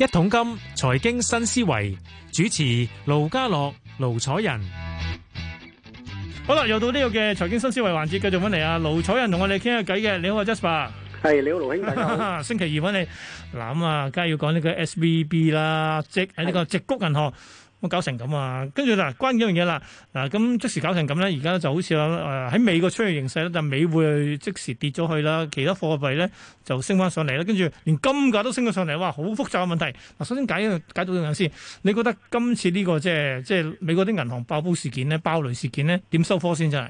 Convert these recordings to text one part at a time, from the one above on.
一桶金財經新思維主持盧家樂、盧楚仁，好啦，又到呢個嘅財經新思維環節，繼續返嚟啊，盧楚仁同我哋傾下偈嘅。你好啊，Jasper，係你好，盧兄弟， 星期二揾你。嗱咁啊，梗係要講呢個 S V B 啦，即係呢個直谷銀行。我搞成咁啊！跟住嗱，關鍵一樣嘢啦，嗱、啊、咁即時搞成咁咧，而家就好似話誒喺美國出現形勢咧，美就美匯即時跌咗去啦，其他貨幣咧就升翻上嚟啦，跟住連金價都升咗上嚟，哇！好複雜嘅問題。嗱，首先解解到呢樣先，你覺得今次呢、呢個即係即係美國啲銀行爆煲事件咧、爆雷事件咧點收科先？真係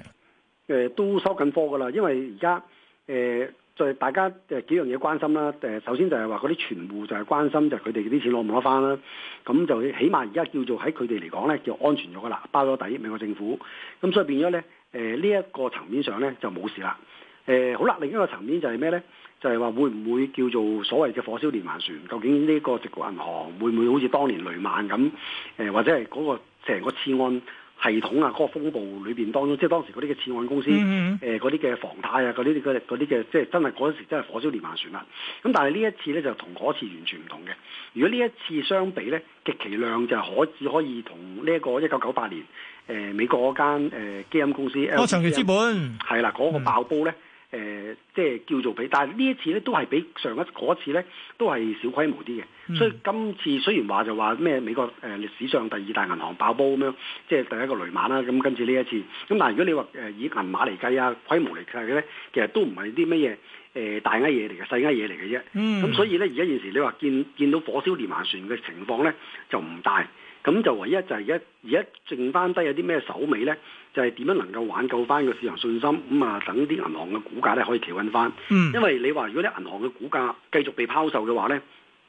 誒都收緊科噶啦，因為而家誒。呃就係大家誒幾樣嘢關心啦，誒首先就係話嗰啲存戶就係關心就佢哋啲錢攞唔攞翻啦，咁就起碼而家叫做喺佢哋嚟講咧叫安全咗噶啦，包咗底美國政府，咁所以變咗咧誒呢一、呃這個層面上咧就冇事啦，誒、呃、好啦，另一個層面就係咩咧，就係、是、話會唔會叫做所謂嘅火燒連環船，究竟呢個矽谷銀行會唔會好似當年雷曼咁誒、呃，或者係嗰、那個成個次按。系統啊，嗰、那個風暴裏邊當中，即係當時嗰啲嘅次按公司，誒嗰啲嘅房貸啊，嗰啲啲嘅，即係真係嗰時真係火燒連環船啦、啊。咁但係呢一次咧就同嗰次完全唔同嘅。如果呢一次相比咧，極其量就係可只可以同呢一個一九九八年誒、呃、美國嗰間基金、呃、公司，我長期資本係啦，嗰、嗯那個爆煲咧。嗯誒、呃，即係叫做俾，但係呢一次咧都係比上一嗰次咧都係小規模啲嘅，所以今次雖然話就話咩美國誒歷史上第二大銀行爆煲咁樣，即係第一個雷曼啦，咁今次呢一次，咁但係如果你話誒以銀碼嚟計啊，規模嚟計咧、啊，其實都唔係啲乜嘢誒大鵲嘢嚟嘅，細鵲嘢嚟嘅啫，咁、嗯、所以咧而家現時你話見見到火燒連環船嘅情況咧就唔大。咁就唯一就係而家而家剩翻低有啲咩手尾咧？就係、是、點樣能夠挽救翻個市場信心？咁、嗯、啊，等、嗯、啲銀行嘅股價咧可以企穩翻。因為你話如果啲銀行嘅股價繼續被拋售嘅話咧，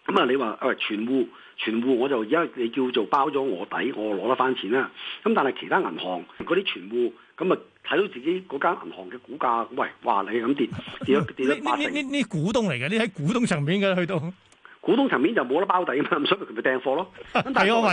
咁、嗯、啊你話誒存戶存戶我就而家你叫做包咗我底，我攞得翻錢啦。咁、嗯、但係其他銀行嗰啲存戶咁啊睇到自己嗰間銀行嘅股價，喂，話你咁跌跌咗跌咗八成。 你你你你股東嚟嘅，你喺股東層面嘅去到。股東層面就冇得包底啊嘛，所以佢咪掟貨咯。係啊，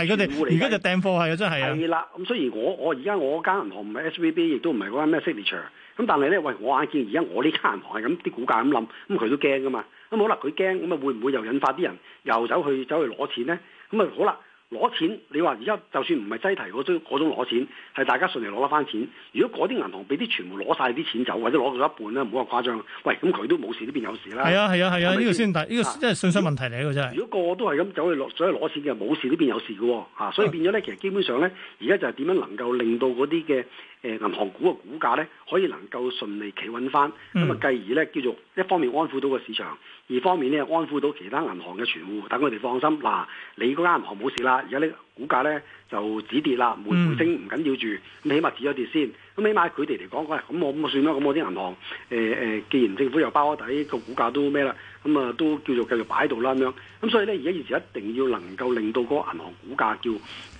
喂，佢哋而家就掟貨係啊，真係啊。係啦，咁雖然我我而家我間銀行唔係 S, SVB，亦都唔係嗰間咩 signature，咁但係咧，喂，我眼見而家我呢間銀行係咁啲股價咁冧，咁佢都驚㗎嘛。咁、嗯、好啦，佢驚，咁啊會唔會又引發啲人又走去走去攞錢咧？咁、嗯、啊好啦。攞錢，你話而家就算唔係擠提嗰種攞錢，係大家順利攞得翻錢。如果嗰啲銀行俾啲全部攞晒啲錢走，或者攞到一半咧，唔好話誇張。喂，咁佢都冇事，呢邊有事啦。係啊係啊係啊，呢、啊啊、個先呢、呢個即係信心問題嚟嘅、啊、真係。如果個個都係咁走，走去攞走去攞錢嘅，冇事呢邊有事嘅喎、啊、所以變咗咧，其實基本上咧，而家就係點樣能夠令到嗰啲嘅。誒銀行股嘅股價咧，可以能夠順利企穩翻，咁啊繼而咧叫做一方面安撫到個市場，二方面咧安撫到其他銀行嘅存戶，等佢哋放心。嗱、啊，你嗰間銀行冇事啦，而家呢股價咧就止跌啦，沒升唔緊要住，咁起碼止咗跌先。咁、啊、起碼佢哋嚟講，喂、哎，咁我咁啊算啦，咁我啲銀行誒誒、啊，既然政府又包咗底，個股價都咩啦，咁啊都叫做繼續擺喺度啦咁樣。咁、啊、所以咧，而家現時一定要能夠令到嗰個銀行股價叫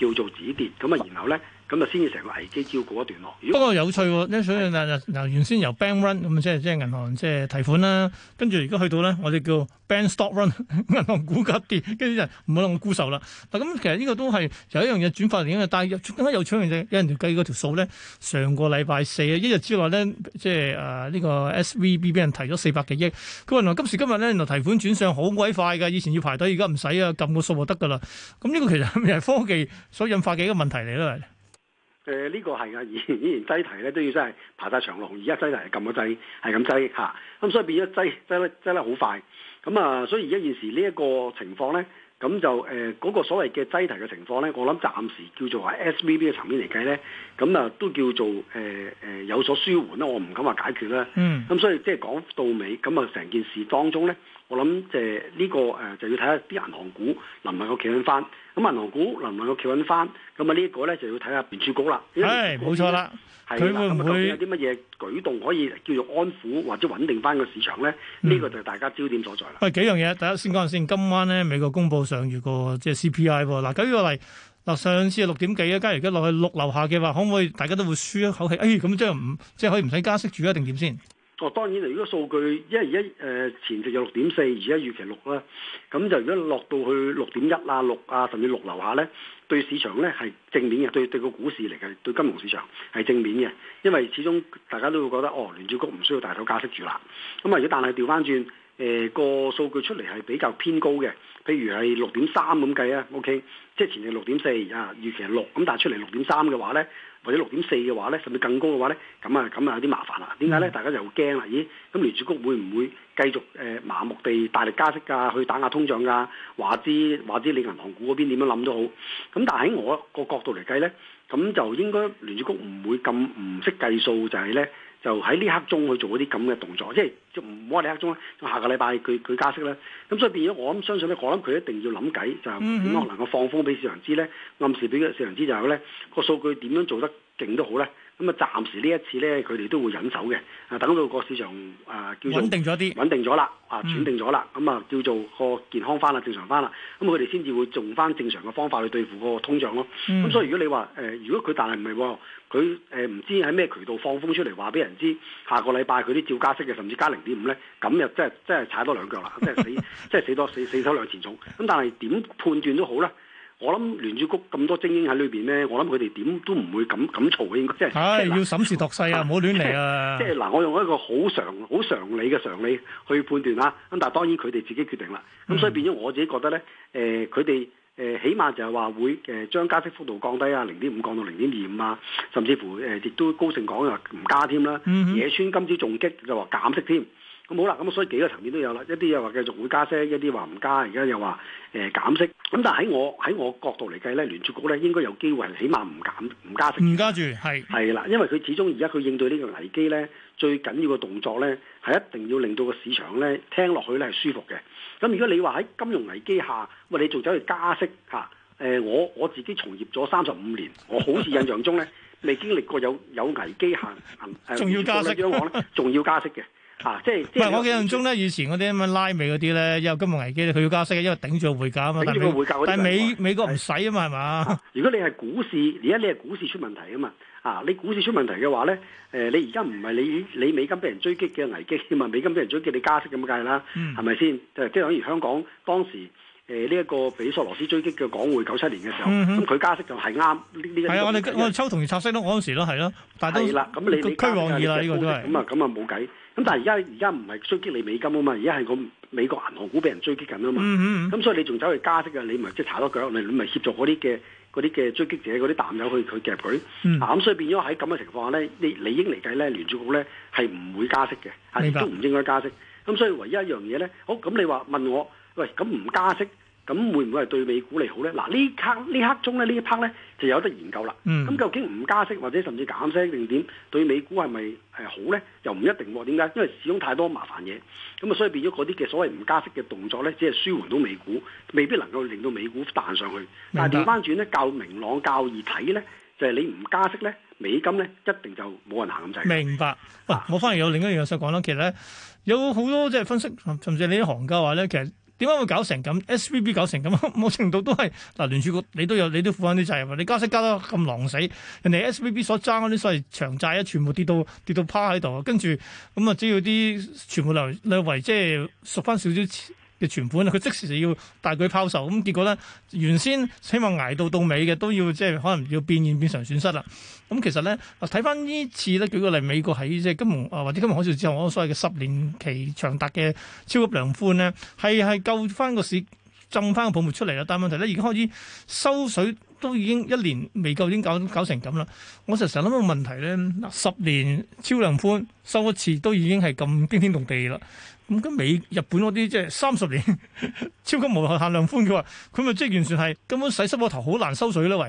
叫做止跌，咁啊然後咧。咁啊，先至成個危機照過一段咯。不過有趣喎，因為所以嗱嗱原先由 bank run 咁即係即係銀行即係提款啦，跟住而家去到咧，我哋叫 bank stop run，銀行股價跌，跟住就唔好諗啦，我沽售啦。嗱咁其實呢個都係有一樣嘢轉化嚟嘅，但係更加有趣嘅，有人計嗰條數咧，上個禮拜四啊，一日之內咧，即係誒呢個 SVB 俾人提咗四百幾億。佢話嗱，今時今日咧，原來提款轉上好鬼快㗎，以前要排隊，而家唔使啊，撳個數就得㗎啦。咁呢個其實係咪係科技所引發嘅一個問題嚟啦。誒呢、呃這個係啊，以前以前擠提咧都要真係爬晒長龍，而家擠提撳個掣係咁擠嚇，咁所以變咗擠擠咧擠得好快，咁啊所以而家現時呢一個情況咧，咁就誒嗰、呃那個所謂嘅擠提嘅情況咧，我諗暫時叫做 S V B 嘅層面嚟計咧，咁啊都叫做誒誒、呃呃、有所舒緩啦，我唔敢話解決啦，嗯，咁、啊、所以即係講到尾，咁啊成件事當中咧。我諗即係呢個誒、呃，就要睇下啲銀行股能唔能夠企穩翻。咁銀行股能唔能夠企穩翻？咁啊呢個咧就要睇下聯儲局啦。係冇錯啦，係咁佢有啲乜嘢舉動可以叫做安撫或者穩定翻個市場咧？呢、嗯、個就係大家焦點所在啦。喂，幾樣嘢？大家先講陣先。今晚咧美國公佈上月個即係 CPI 嗱、啊，假如我嚟嗱上次係六點幾啊，家而家落去六樓下嘅話，可唔可以大家都會舒一口氣？誒、哎，咁即係唔即係可以唔使加息住啊？定點先？哦，當然如果數據，因為一誒前值有六點四，而家預期六啦，咁就如果落到去六點一啊、六啊，甚至六樓下咧，對市場咧係正面嘅，對對個股市嚟嘅，對金融市場係正面嘅，因為始終大家都會覺得，哦，聯儲局唔需要大手加息住啦，咁如果但係調翻轉。誒、呃、個數據出嚟係比較偏高嘅，譬如係六點三咁計啊，OK，即係前期六點四啊，預期係六、啊，咁但係出嚟六點三嘅話咧，或者六點四嘅話咧，甚至更高嘅話咧，咁啊，咁啊有啲麻煩啦。點解咧？嗯、大家就驚啦，咦？咁聯儲局會唔會繼續誒麻木地大力加息啊？去打壓通脹啊？話之話之，你銀行股嗰邊點樣諗都好。咁但係喺我個角度嚟計咧，咁就應該聯儲局唔會咁唔識計數，就係、是、咧。就喺呢刻鐘去做嗰啲咁嘅動作，即係就唔好喺呢刻鐘啦，下個禮拜佢佢加息啦，咁所以變咗我諗相信咧，我諗佢一定要諗計，就係點樣能夠放風俾市場知咧，暗示俾個市場知就係咧個數據點樣做得。勁都好咧，咁啊暫時呢一次咧，佢哋都會忍手嘅，啊等到個市場啊叫做穩定咗啲，穩定咗啦，啊轉、嗯、定咗啦，咁啊叫做個健康翻啦，正常翻啦，咁佢哋先至會用翻正常嘅方法去對付個通脹咯。咁、嗯、所以如果你話誒，如果佢但係唔係喎，佢誒唔知喺咩渠道放風出嚟話俾人知，下個禮拜佢啲照加息嘅，甚至加零點五咧，咁又即係即係踩多兩腳啦， 即係死即係死多四死收兩錢重。咁但係點判斷都好咧？我諗聯儲局咁多精英喺裏邊咧，我諗佢哋點都唔會咁咁嘈嘅，應該即係，要審時度勢啊，唔好亂嚟啊！即係嗱，我用一個好常、好常理嘅常理去判斷啦。咁但係當然佢哋自己決定啦。咁、嗯、所以變咗我自己覺得咧，誒佢哋誒起碼就係話會誒將加息幅度降低啊，零點五降到零點二五啊，甚至乎誒亦都高盛講又唔加添啦，嗯、哼野村今次仲激就話減息添。咁好啦，咁所以幾個層面都有啦。一啲又話繼續會加息，一啲話唔加，而家又話誒、呃、減息。咁但係喺我喺我角度嚟計咧，聯儲局咧應該有機會起碼唔減唔加息。唔加住係係啦，因為佢始終而家佢應對呢個危機咧，最緊要嘅動作咧係一定要令到個市場咧聽落去咧係舒服嘅。咁如果你話喺金融危機下，喂你仲走去加息嚇？誒、呃、我我自己從業咗三十五年，我好似印象中咧未 經歷過有有危機下誒，如果央行咧仲要加息嘅。啊！即係唔係我印象中咧，以前嗰啲咁嘅拉美嗰啲咧，因為金融危機佢要加息，因為頂住個匯價啊嘛。但係美美國唔使啊嘛，係嘛？如果你係股市，而家你係股市出問題啊嘛。啊，你股市出問題嘅話咧，誒，你而家唔係你你美金被人追擊嘅危機添啊？美金被人追擊，你加息咁嘅梗啦，係咪先？即係好似香港當時誒呢一個比索、羅斯追擊嘅港匯九七年嘅時候，咁佢加息就係啱呢係啊！我哋我抽同業拆息咯，嗰陣時咯，係咯，但係你趨往二啦，呢個都係咁啊，咁啊冇計。咁但係而家而家唔係追擊你美金啊嘛，而家係個美國銀行股俾人追擊緊啊嘛，咁、嗯嗯嗯、所以你仲走去加息啊，你咪即係踩多腳，你咪協助嗰啲嘅嗰啲嘅追擊者嗰啲淡友去佢夾佢，嗱咁、嗯嗯、所以變咗喺咁嘅情況下咧，你，你應理應嚟計咧聯儲局咧係唔會加息嘅，係都唔應該加息，咁白所以唯一一樣嘢咧，好咁你話問我，喂，咁唔加息？咁會唔會係對美股利好咧？嗱，呢刻呢刻中咧呢一 part 咧就有得研究啦。咁、嗯、究竟唔加息或者甚至減息定點對美股係咪係好咧？又唔一定喎、啊。點解？因為始終太多麻煩嘢。咁啊，所以變咗嗰啲嘅所謂唔加息嘅動作咧，只係舒緩到美股，未必能夠令到美股彈上去。明白。但係調翻轉咧，較明朗、較易睇咧，就係、是、你唔加息咧，美金咧一定就冇人行咁滯。明白。喂，我反而有另一樣嘢想講啦。其實咧，有好多即係分析，甚至你啲行家話咧，其實，呢其實。點解會搞成咁？S V B 搞成咁， 某程度都係嗱、啊，聯儲局你都有，你都負翻啲責任。你加息加得咁狼死，人哋 S V B 所爭嗰啲所謂長債啊，全部跌到跌到趴喺度，跟住咁啊，只要啲全部流流回，即係縮翻少少，嘅存款啊，佢即時就要大舉拋售，咁結果咧，原先希望捱到到尾嘅，都要即係可能要變現變成損失啦。咁其實咧，睇翻呢次咧，舉個例，美國喺即係金融啊，或者金融海嘯之後，我所謂嘅十年期長達嘅超級量寬咧，係係救翻個市。浸翻個泡沫出嚟啦，但係問題咧，而家開始收水都已經一年未夠，已經搞搞成咁啦。我實實諗個問題咧，嗱，十年超量寬收一次都已經係咁驚天動地啦。咁跟美日本嗰啲即係三十年 超級無限量寬，嘅話佢咪即係完全係根本洗濕個頭好難收水咧，喂、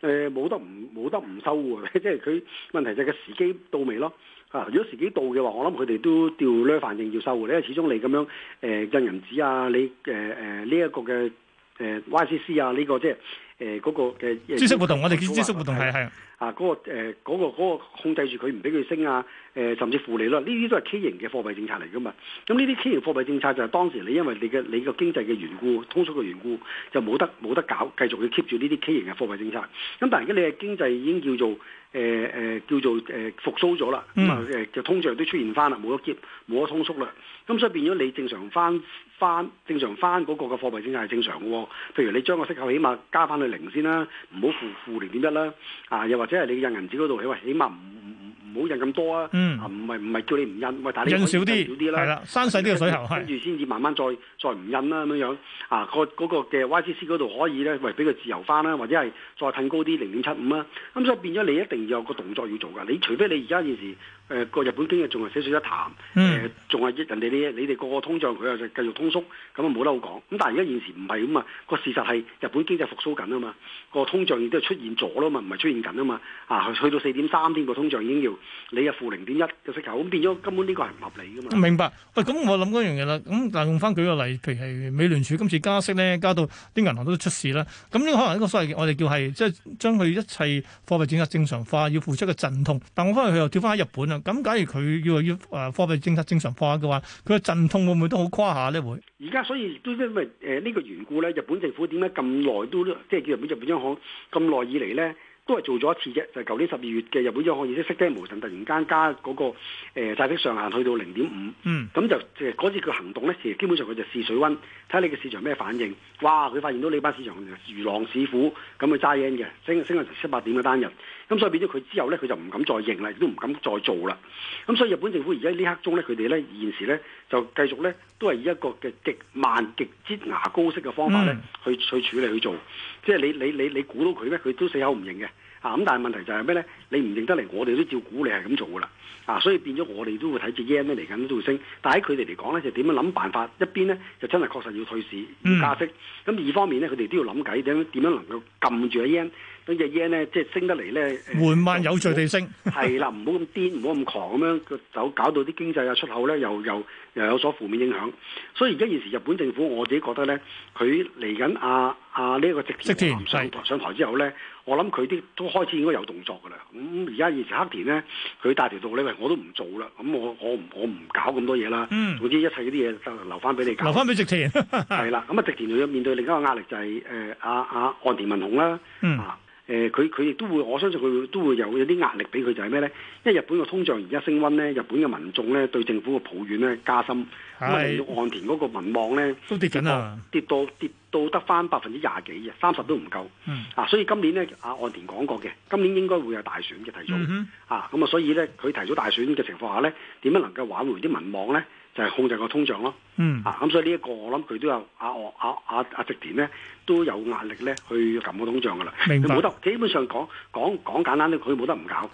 呃。誒，冇得唔冇得唔收喎、啊， 即係佢問題就係個時機到未咯。啊！如果時機到嘅話，我諗佢哋都調咧，反正要收嘅，因為始終你咁樣誒、呃、印銀紙啊，你誒誒呢一個嘅誒 YCC 啊，呢、呃這個即係誒嗰個嘅知識活動，我哋叫知識活動，係係啊嗰個誒嗰個控制住佢唔俾佢升啊誒、呃，甚至負利咯，呢啲都係畸形嘅貨幣政策嚟噶嘛。咁呢啲畸形貨幣政策就係當時你因為你嘅你個經濟嘅緣故、通縮嘅緣故，就冇得冇得搞，繼續要 keep 住呢啲畸形嘅貨幣政策。咁但係而家你嘅經濟已經叫做～誒誒、呃、叫做誒、呃、復甦咗啦，咁啊誒嘅通脹都出現翻啦，冇得跌，冇得通縮啦，咁、嗯、所以變咗你正常翻翻正常翻嗰個嘅貨幣政策係正常嘅喎、哦，譬如你將個息口起碼加翻去零先啦，唔好負負零點一啦，啊又或者係你印銀紙嗰度，起碼起碼唔。唔好印咁多啊！唔係唔係叫你唔印，喂，但你印少啲，少啲啦，係啦，閂細啲嘅水喉，跟住先至慢慢再的再唔印啦咁樣樣啊！樣嗰個嗰個嘅 YCC 嗰度可以咧，喂，俾佢自由翻啦，或者係再褪高啲零點七五啦。咁所以變咗你一定要有個動作要做㗎。你除非你而家現時誒個、呃、日本經濟仲係死水一潭，誒仲係人哋你你哋個個通脹，佢又繼續通縮，咁啊冇得好講。咁但係而家現時唔係咁啊，嗰個事實係日本經濟復甦緊啊嘛，嗰個通脹亦都係出現咗啦嘛，唔係出現緊啊嘛啊去、ah, 到四點三添，個通脹已經要。你又負零點一嘅息口，咁變咗根本呢個係唔合理噶嘛？明白。喂，咁我諗嗰樣嘢啦。咁但係用翻舉個例，譬如係美聯儲今次加息咧，加到啲銀行都出事啦。咁呢個可能呢個所謂我哋叫係即係將佢一切貨幣政策正常化要付出嘅陣痛。但係我翻去佢又跳翻喺日本啊。咁假如佢要話要誒貨幣政策正常化嘅話，佢嘅陣痛會唔會都好誇下咧？會。而家所以都因為誒呢個緣故咧，日本政府點解咁耐都即係叫日本日本央行咁耐以嚟咧？都係做咗一次啫，就係、是、舊年十二月嘅日本央行意識色驚無神，突然間加嗰、那個誒、呃、債息上限去到零點五，咁就誒嗰次佢行動咧，其實基本上佢就試水溫，睇下你嘅市場咩反應。哇！佢發現到你班市場如狼似虎，咁去揸 n 嘅，升升到七八點嘅單日。咁所以變咗佢之後咧，佢就唔敢再認啦，亦都唔敢再做啦。咁、嗯、所以日本政府而家呢刻中咧，佢哋咧現時咧就繼續咧都係以一個嘅極慢極擠牙膏式嘅方法咧去去處理去做。即係你你你你估到佢咩？佢都死口唔認嘅。啊咁，但係問題就係咩咧？你唔認得嚟，我哋都照估你係咁做噶啦。啊，所以變咗我哋都會睇住 Yen 嚟緊都會升。但喺佢哋嚟講咧，就點樣諗辦法？一邊咧就真係確實要退市、要加息。咁、嗯、二方面咧，佢哋都要諗計點樣點樣能夠撳住啊 Yen。等隻 yen 咧，即係升得嚟咧，緩慢有序地升，係啦，唔好咁癲，唔好咁狂咁樣，就搞到啲經濟啊出口咧，又又又有所負面影響。所以而家現時日本政府，我自己覺得咧，佢嚟緊啊阿呢一個植田上台之後咧，我諗佢啲都開始應該有動作㗎啦。咁而家現時黑田咧，佢帶條道咧，喂，我都唔做啦，咁我我我唔搞咁多嘢啦。嗯。總之一切嗰啲嘢就留翻俾你搞。留翻俾植田。係啦，咁啊，植田又要面對另一個壓力就係誒阿阿岸田文雄啦。嗯。誒佢佢亦都會，我相信佢都會有有啲壓力俾佢，就係咩呢？因為日本嘅通脹而家升溫呢，日本嘅民眾呢對政府嘅抱怨呢加深。咁啊，岸田嗰個民望呢都跌緊啊，跌到跌到得返百分之廿幾啊，三十都唔夠。啊，所以今年呢，阿岸田講過嘅，今年應該會有大選嘅提早。啊，咁啊，所以呢，佢提早大選嘅情況下呢，點樣能夠挽回啲民望呢？就係控制個通脹咯。啊，咁所以呢一個我諗佢都有阿阿阿阿直田呢。都有壓力咧，去撳個通脹噶啦，明冇白得。基本上講講講簡單啲，佢冇得唔搞，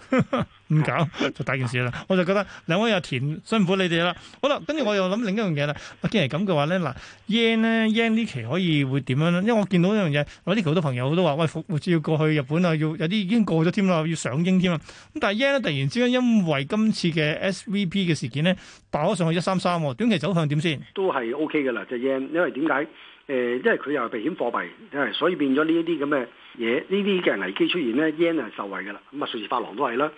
唔 搞就大件事啦。我就覺得兩位阿田辛苦你哋啦。好啦，跟住我又諗另一樣嘢啦。既然係咁嘅話咧，嗱 yen 咧 yen 呢期可以會點樣咧？因為我見到一樣嘢，我呢個好多朋友都話喂，要過去日本啊，要有啲已經過咗添啦，要上英添啊。咁但係 yen 咧突然之間因為今次嘅 S V B 嘅事件呢，爆咗上去一三三，短期走向點先？都係 O K 噶啦，就係 yen，因為點解？誒，因為佢又係避險貨幣，係所以變咗呢一啲咁嘅嘢，呢啲嘅危機出現咧，yen 係受惠㗎啦，咁啊瑞士法郎都係啦。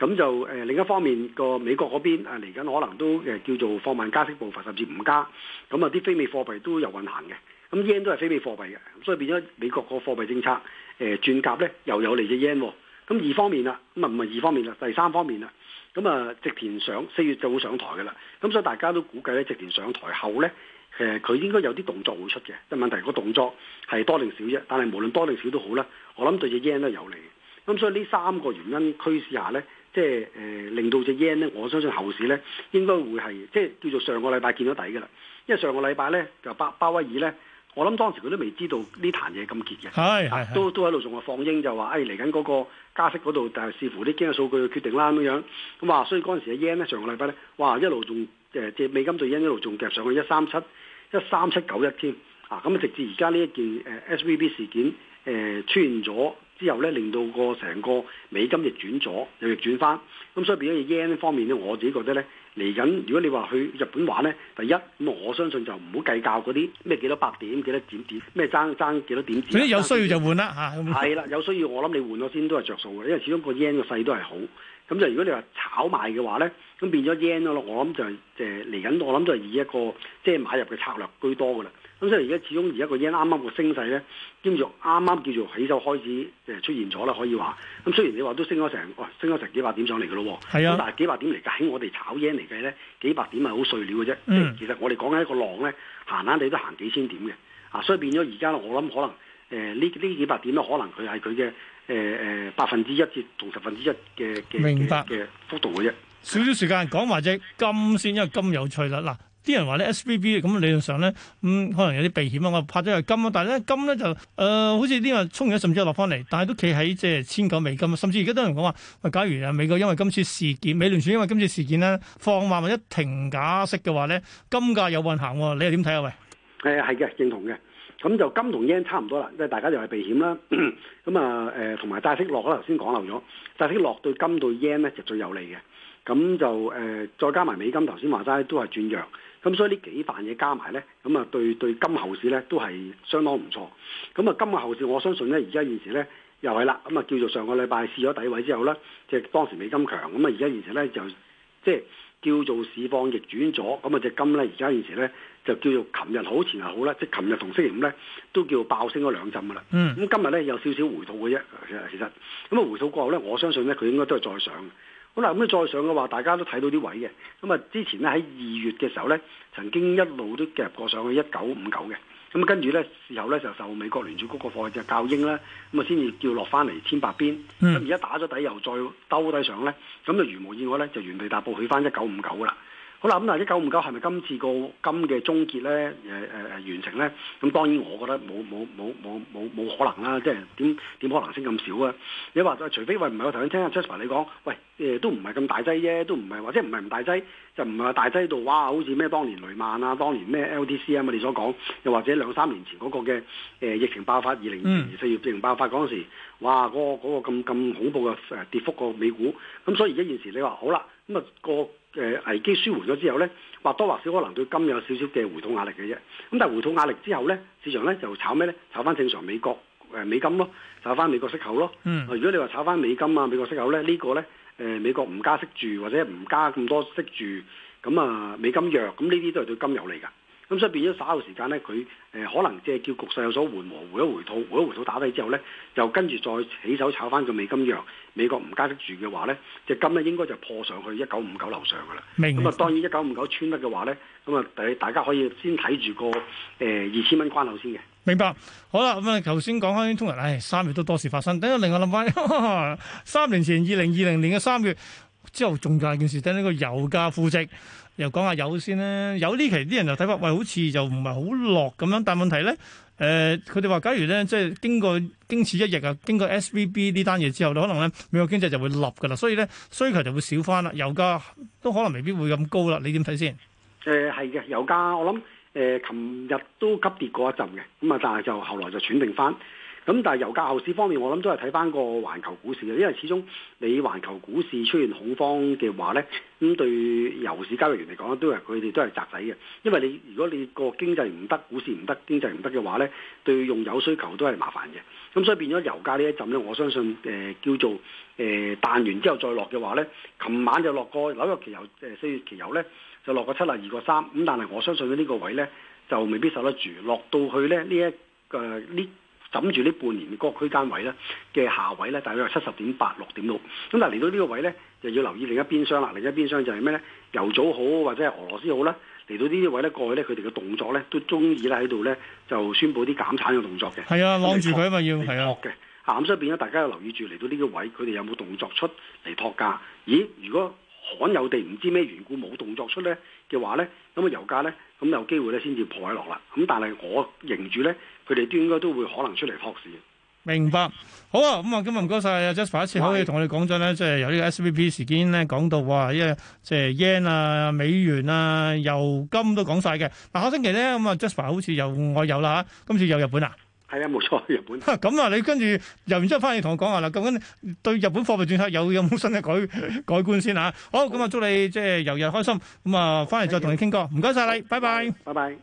咁就誒另一方面個美國嗰邊啊嚟緊可能都誒叫做放慢加息步伐，甚至唔加。咁啊啲非美貨幣都有運行嘅，咁 yen 都係非美貨幣嘅，所以變咗美國個貨幣政策誒轉鴿咧，又有嚟隻 yen。咁二方面啦，咁啊唔係二方面啦，第三方面啦。咁啊，植田上四月就會上台㗎啦。咁所以大家都估計咧，植田上台後咧。誒佢應該有啲動作會出嘅，但問題個動作係多定少啫。但係無論多定少都好啦，我諗對隻 yen 都有利。咁、嗯、所以呢三個原因驅使下咧，即係誒、呃、令到隻 yen 咧，我相信後市咧應該會係即係叫做上個禮拜見到底㗎啦。因為上個禮拜咧就巴巴威爾咧，我諗當時佢都未知道呢壇嘢咁結嘅，係係都都喺度仲係放鷹就話誒嚟緊嗰個加息嗰度，但係視乎啲經濟數據嘅決定啦咁樣。咁話所以嗰陣時嘅 yen 咧上個禮拜咧，哇一路仲誒隻美金對 yen 一路仲夾上去一三七。一三七九一添啊！咁啊，直至而家呢一件誒、呃、S V B 事件誒、呃、出現咗之後咧，令到個成個美金亦轉咗，又轉翻。咁所以變咗 yen 方面咧，我自己覺得咧嚟緊，如果你話去日本玩咧，第一咁我相信就唔好計較嗰啲咩幾多百點幾多點點咩爭爭幾多點點。總之有需要就換啦嚇。係啦，有需要我諗你換咗先都係着數嘅，因為始終個 yen 嘅勢都係好。咁就如果你話炒賣嘅話咧，咁變咗 yen 咯，我諗就誒嚟緊，我諗就係以一個即係、就是、買入嘅策略居多嘅啦。咁所以而家始終而家個 yen 啱啱個升勢咧，兼住啱啱叫做起手開始誒出現咗啦，可以話。咁雖然你話都升咗成，哦、升咗成幾百點上嚟嘅咯。係啊、嗯，但係幾百點嚟計，喺我哋炒 yen 嚟計咧，幾百點係好碎料嘅啫。嗯，其實我哋講緊一個浪咧，行下你都行幾千點嘅。啊，所以變咗而家我諗可能誒呢呢幾百點咧，可能佢係佢嘅。誒誒、呃，百分之一至同十分之一嘅嘅嘅幅度嘅啫。少少時間講埋隻金先，因為金有趣啦。嗱，啲人話咧 S V B，咁理論上咧，咁、嗯、可能有啲避險啊，我拍咗入金啊。但係咧金咧就誒、呃，好似啲人衝完，甚至落翻嚟，但係都企喺即係千九美金啊。甚至而家都有人講話，喂，假如啊美國因為今次事件，美聯儲因為今次事件咧放慢或者停加息嘅話咧，金價有運行，你又點睇啊？喂，誒係嘅，認同嘅。咁就金同 yen 差唔多啦，即係大家又係避險啦。咁啊，誒同埋債息落，我頭先講漏咗，債息落對金對 yen 咧就最有利嘅。咁就誒、呃、再加埋美金，頭先話齋都係轉弱。咁所以幾呢幾範嘢加埋咧，咁啊對對金後市咧都係相當唔錯。咁啊，金嘅後市我相信咧，而家現時咧又係啦。咁啊，叫做上個禮拜試咗底位之後咧，即、就、係、是、當時美金強，咁啊而家現時咧就即、是、係。叫做市況逆轉咗，咁啊隻金咧而家以前咧就叫做琴日好、前日好啦，即係琴日同星期五咧都叫爆升咗兩陣噶啦。嗯，咁今日咧有少少回吐嘅啫，其實咁啊回吐過後咧，我相信咧佢應該都係再上。好啦，咁啊再上嘅話，大家都睇到啲位嘅。咁啊之前咧喺二月嘅時候咧，曾經一路都夾過上去一九五九嘅。咁跟住咧，時候咧就受美國聯儲局個貨嘅教英啦，咁啊先至叫落翻嚟千八邊。咁而家打咗底，又再兜底上咧，咁就如無意外咧，就原地踏步去翻一九五九噶啦。好啦，咁嗱，一九唔九，係咪今次個金嘅終結咧？誒誒誒，完成咧？咁、呃呃、當然我覺得冇冇冇冇冇冇可能啦！即係點點可能升咁少啊？你話除非喂，唔係我頭先聽阿 Trisha 你講，喂誒都唔係咁大劑啫，都唔係或者唔係唔大劑，就唔係話大劑到哇！好似咩當年雷曼啊，當年咩 LDC 啊你所講，又或者兩三年前嗰個嘅誒、呃、疫情爆發，二零二四年四月疫情爆發嗰陣時，哇！嗰、嗰個咁咁、嗰個嗰個、恐怖嘅誒跌幅個美股，咁所以而家現時你話好啦。咁啊個誒危機舒緩咗之後咧，或多或少可能對金有少少嘅回吐壓力嘅啫。咁但係回吐壓力之後咧，市場咧就炒咩咧？炒翻正常美國誒、呃、美金咯，炒翻美國息口咯。嗯。如果你話炒翻美金啊、美國息口咧，這個、呢個咧誒美國唔加息住或者唔加咁多息住，咁啊美金弱，咁呢啲都係對金有利㗎。咁所以變咗稍後時間咧，佢誒可能即係叫局勢有所緩和，回一回套，回一回套打低之後咧，又跟住再起手炒翻個美金弱，美國唔加息住嘅話咧，隻金咧應該就破上去一九五九樓上㗎啦。明白。咁啊，當然一九五九穿得嘅話咧，咁啊，大大家可以先睇住個誒二千蚊關口先嘅。明白。好啦，咁啊頭先講開通日，唉、哎，三月都多事發生。等下另外諗翻， 三年前二零二零年嘅三月之後，仲有大件事，等呢個油價負值。又講下油先啦。有呢期啲人就睇法，喂，好似就唔係好落咁樣，但問題咧，誒佢哋話，假如咧即係經過經此一役啊，經過 S V B 呢單嘢之後，咧可能咧美國經濟就會立噶啦，所以咧需求就會少翻啦，油價都可能未必會咁高啦，你點睇先？誒係嘅，油價我諗誒，琴日都急跌過一陣嘅，咁啊，但係就後來就轉定翻。咁但係油價後市方面，我諗都係睇翻個環球股市嘅，因為始終你環球股市出現恐慌嘅話呢，咁對油市交易員嚟講，都係佢哋都係窄仔嘅。因為你如果你個經濟唔得，股市唔得，經濟唔得嘅話呢，對用油需求都係麻煩嘅。咁所以變咗油價呢一陣呢我相信誒、呃、叫做誒、呃、彈完之後再落嘅話呢，琴晚就落個紐約期油誒、呃、四月期油呢就落個七啊二個三。咁但係我相信呢個位呢，就未必受得住，落到去咧呢一誒呢。諗住呢半年各區間位呢嘅下位呢，大約係七十點八六點六。咁但係嚟到呢個位呢，就要留意另一邊廂啦。另一邊廂就係咩呢？油組好或者係俄羅斯好啦，嚟到呢啲位呢，過去呢，佢哋嘅動作呢，都中意咧喺度呢，就宣布啲減產嘅動作嘅。係啊，晾住佢嘛要係啊嘅。咁所以變咗大家要留意住嚟到呢個位，佢哋有冇動作出嚟托價？咦，如果罕有地唔知咩緣故冇動作出嚟嘅話呢，咁啊油價呢。咁、嗯、有機會咧，先至破位落啦。咁、嗯、但係我認住咧，佢哋都應該都會可能出嚟託市。明白。好啊。咁啊，今日唔該曬 Jasper，先可以同我哋講咗咧，即係是由呢個 SVB 事件咧講到話，因、就、為、是、即係 yen 啊、美元啊、油金都講晒嘅。嗱，下星期咧，咁啊，Jasper 好似又外遊啦嚇，今次有日本啊。係啊，冇錯，日本咁啊，啊，你跟住遊完之後翻嚟同我講下啦，究竟對日本貨幣政策有有冇新嘅改改觀先嚇、啊？好，咁、嗯、啊、嗯、祝你即係遊日開心，咁啊翻嚟再同你傾過，唔該晒你，嗯、拜拜，拜拜。拜拜。